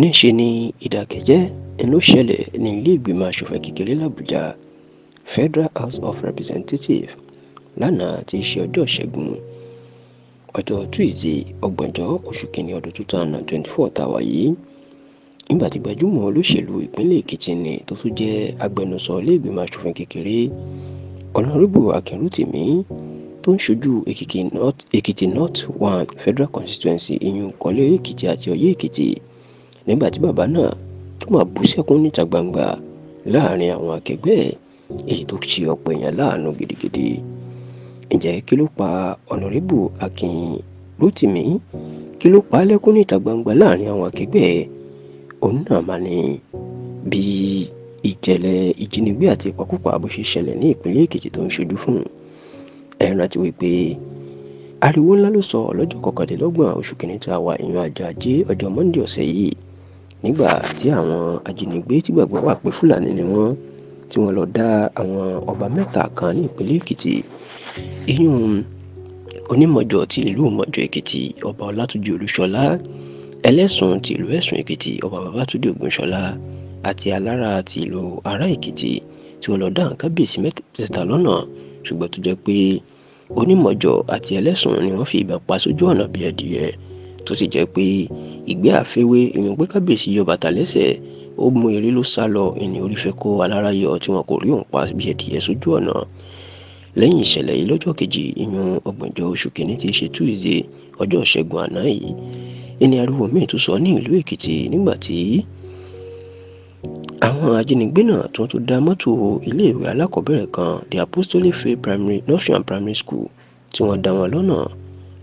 níṣe ni ìdàkẹ́jẹ́ ló ṣẹlẹ̀ ní ilé ìgbìmọ̀ asòfin kékeré làbújá Federal House of Representatives lánàá ti ṣe ọjọ́ ṣẹ́gun ọjọ́ tuesday ọgbọ̀njọ́ oṣù kìíní ọdún two thousand and twenty four tàwa yìí nígbà tí gbajúmọ̀ olóṣèlú ìpínlẹ̀ èkìtì ni tó tún jẹ́ agbẹnusọ ilé ìgbìmọ̀ asòfin kékeré ọ̀nàrẹ́bù akínrútìmí tó ń ṣojú èkìtì north one federal constituency ìyún kọ́lé èkìtì àti ọ̀yẹ́ èkìtì nígbà tí bàbá náà tó máa bú sẹ́kún níta gbangba láàrin àwọn akẹgbẹ́ ẹ̀ èyí tó ṣe ọ̀pọ̀ èèyàn láàánú gidigidi ǹjẹ́ kí ló pa ọ̀nàrẹ́bù akin rotimi kí ló pa á lẹ́kún níta gbangba láàrin àwọn akẹgbẹ́ ẹ̀ òun náà máa ní bí ìjẹ̀lẹ̀ ìjínigbé àti ìpakúpa bó ṣe ṣẹlẹ̀ ní ìpínlẹ̀ èkìtì tó ń ṣojú fún ẹ̀rọ àti wípé ariwo ńlá ló sọ lọ́jọ́ kọkànlélọ́gbọ̀n oṣù kìíní wà ìyún ajá ajé ọjọ́ monde ọ̀sẹ̀ yìí nígbà tí àwọn ajínigbé tígbàgbọ́ wà pé fúlàní ni wọ́n tí wọ́n lọ dá àwọn ọba mẹ́ta kan ní ìpínlẹ̀ èkìtì ìyún onímọ̀jọ ti ìlú mọ̀jọ èkìtì ọba ọlátúnjì olúṣọlá ẹlẹ́sùn ti ìlú ẹ̀sùn èkìtì ọba babátúndé ògúnṣọlá àti alára ti ìlú ará èkìtì tí wọ́n lọ dá kábíyèsí mẹ́tẹ̀ẹ̀ta lọ́nà ṣùgbọ́n tó jẹ́ pé onímọ̀jọ àti ẹlẹ́sùn ni wọ́n fi ìbọn pa sójú ọ̀nà bí ẹdìyẹ tó sì jẹ́ pé ìgbé àfẹ́wé ìyẹn pé kábíyèsí yọ bàtà lẹ́sẹ̀ ó mú eré ló sá lọ ìní orí fẹ́ kó alára yọ tí wọn kò rí òun pa bí ẹdìyẹ sójú ọ̀nà lẹ́yìn ìṣẹ̀lẹ̀ yìí lọ́jọ́ kejì ìyẹn ọgbọ̀njọ́ oṣù kìíní ti ṣe Tuesday ọjọ́ ìṣẹ́gun àná yìí ẹni ariwo míì tó sọ ní ìlú Èkìtì nígbà tí àwọn ajínigbé náà tó tún da mọ́tò iléèwé alákọ̀ọ́bẹ̀rẹ̀ kan the Apostolic Faith Primary Northland Primary School tí wọ́n dá wọn lọ́nà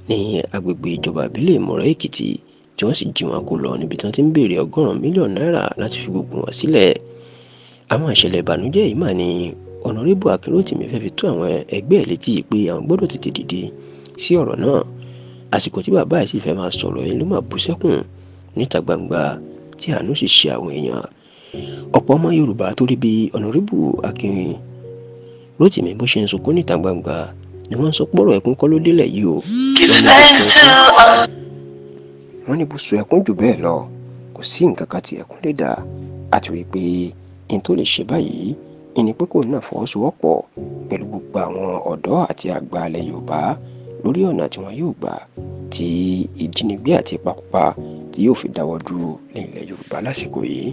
ní agbègbè ìjọba ìbílẹ̀ ìmọ̀rọ̀-èkìtì tí wọ́n sì jí wọn kó lọ níbi tí wọ́n ti ń béèrè ọgọ́rùn-ún mílíọ̀nù náírà láti fi gbogbo wọn sílẹ̀ àwọn ìṣẹ̀lẹ̀ ìbànújẹ́ yìí mà ní ọ̀nàrẹ́bù akínrótìmí fẹ́ fi tó àwọn ẹgbẹ́ ẹ̀ létí pé àwọn gbọ́dọ̀ tètè dìde sí ọ̀rọ̀ náà àsìkò tí bàbá yìí sì fẹ́ máa sọ̀rọ̀ yìí ló máa bú sẹ́kùn níta gbangba tí àánú sì ṣe àwọn èèyàn ọ̀pọ̀ ọmọ yorùbá tó bí ọ̀nàrẹ́bù akínrótìmí bó ṣe ń sunkún níta gbangba ni wọ́n ń sọ pọ́rọ̀ ẹ̀kún kọ́ ló délẹ̀ yìí o. wọ́n ní ibùsùn ẹ̀kún jù bẹ́ẹ̀ lọ kò sí nǹkan kan tí ẹ̀kún lè dà àti wípé n tó lè ṣe báyìí ìní pé kò náà fọwọ́sowọ́pọ̀ pẹ̀lú gbogbo àwọn ọ̀dọ́ àti àgbà alẹ́ Yorùbá lórí ọ̀nà tí wọn yóò gbà tí ìjínigbé àti ìpakúpa tí yóò fi dáwọ́ dúró ní ilẹ̀ Yorùbá lásìkò yìí.